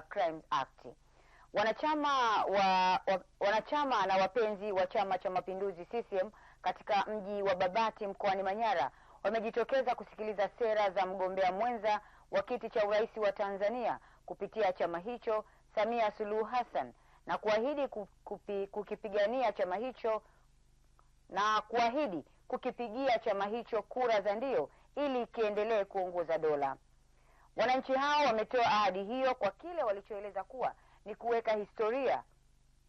Uh, Crimes Act. Wanachama wa, wa, wanachama na wapenzi wa Chama cha Mapinduzi CCM katika mji wa Babati mkoani Manyara wamejitokeza kusikiliza sera za mgombea mwenza wa kiti cha urais wa Tanzania kupitia chama hicho Samia Suluhu Hassan na kuahidi kupi, kukipigania chama hicho na kuahidi kukipigia chama hicho kura za ndio ili kiendelee kuongoza dola. Wananchi hao wametoa ahadi hiyo kwa kile walichoeleza kuwa ni kuweka historia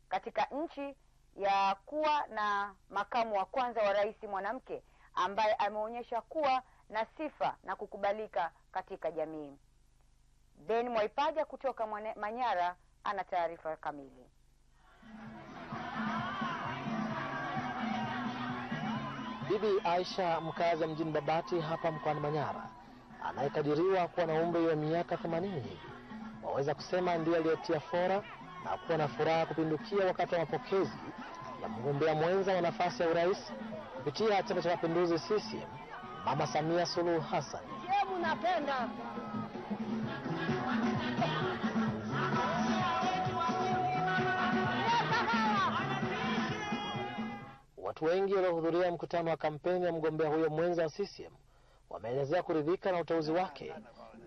katika nchi ya kuwa na makamu wa kwanza wa rais mwanamke ambaye ameonyesha kuwa na sifa na kukubalika katika jamii. Ben Mwaipaja kutoka Manyara ana taarifa kamili. Bibi Aisha mkazi mjini Babati hapa mkoani Manyara anayekadiriwa kuwa na umri wa miaka 80 waweza kusema ndiye aliyetia fora na kuwa na furaha kupindukia wakati wa mapokezi ya mgombea mwenza wa nafasi ya urais kupitia Chama cha Mapinduzi CCM, Mama Samia Suluhu Hassan. napenda watu wengi waliohudhuria mkutano wa kampeni ya mgombea huyo mwenza wa CCM wameelezea kuridhika na uteuzi wake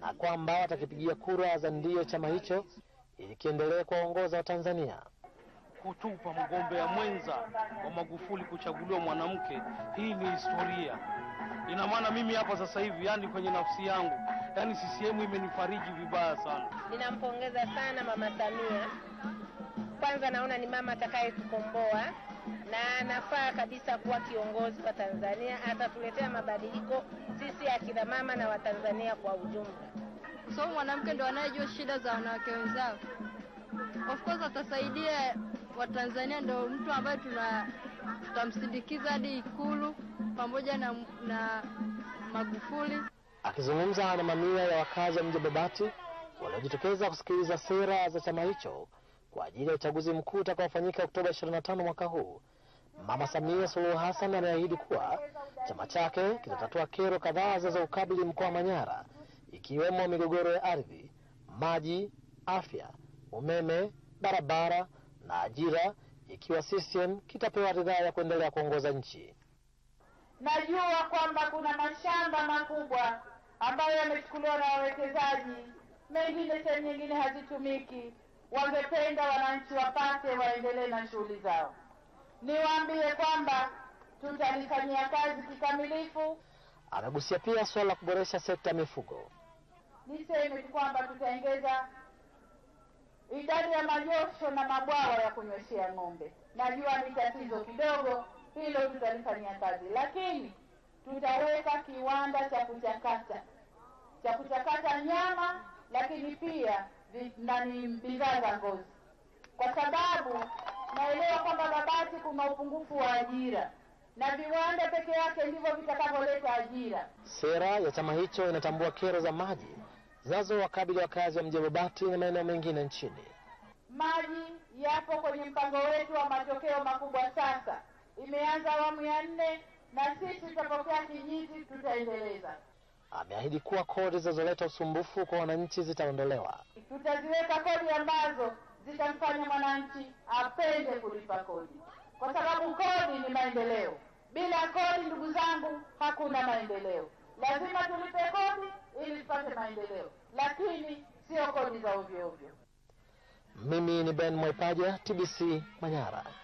na kwamba watakipigia kura za ndio chama hicho ili kiendelee kuwaongoza Watanzania. Kutupa mgombea mwenza wa Magufuli kuchaguliwa mwanamke, hii ni historia. Ina maana mimi hapa sasa hivi, yani kwenye nafsi yangu, yani CCM imenifariji vibaya sana. Ninampongeza sana Mama Samia, kwanza naona ni mama atakayetukomboa na anafaa kabisa kuwa kiongozi wa Tanzania, atatuletea mabadiliko sisi akina mama na Watanzania kwa ujumla. Kwa sababu mwanamke ndo anayejua shida za wanawake wenzao. Of course atasaidia Watanzania, ndo mtu ambaye tuna tutamsindikiza hadi Ikulu pamoja na, na Magufuli. Akizungumza na mamia ya wakazi wa mji wa Babati waliojitokeza kusikiliza sera za chama hicho kwa ajili ya uchaguzi mkuu utakaofanyika Oktoba 25 mwaka huu. Mama Samia Suluhu Hassan ameahidi kuwa chama chake kitatatua kero kadhaa zinazoukabili mkoa wa Manyara, ikiwemo migogoro ya ardhi, maji, afya, umeme, barabara na ajira, ikiwa CCM kitapewa ridhaa ya kuendelea kuongoza nchi. Najua kwamba kuna mashamba makubwa ambayo yamechukuliwa na wawekezaji, mengine sehemu nyingine hazitumiki wangependa wananchi wapate waendelee na shughuli zao. Niwaambie kwamba tutalifanyia kazi kikamilifu. Amegusia pia suala la kuboresha sekta ya mifugo. Niseme tu kwamba tutaongeza idadi ya majosho na mabwawa ya kunyweshea ng'ombe. Najua ni tatizo kidogo hilo, tutalifanyia kazi, lakini tutaweka kiwanda cha kuchakata cha kuchakata nyama, lakini pia ndani bidhaa za ngozi, kwa sababu naelewa kwamba Babati kuna upungufu wa ajira na viwanda peke yake ndivyo vitakavyoleta ajira. Sera ya chama hicho inatambua kero za maji zinazowakabili wakazi wa mji wa Babati na maeneo mengine nchini. Maji yapo kwenye mpango wetu wa matokeo makubwa. Sasa imeanza awamu ya nne, na sisi tutapokea kijiti, tutaendeleza. Ameahidi kuwa kodi zinazoleta usumbufu kwa wananchi zitaondolewa tutaziweka kodi ambazo zitamfanya mwananchi apende kulipa kodi, kwa sababu kodi ni maendeleo. Bila kodi, ndugu zangu, hakuna maendeleo. Lazima tulipe kodi ili tupate maendeleo, lakini sio kodi za ovyo ovyo. Mimi ni Ben Mwaipaja, TBC Manyara.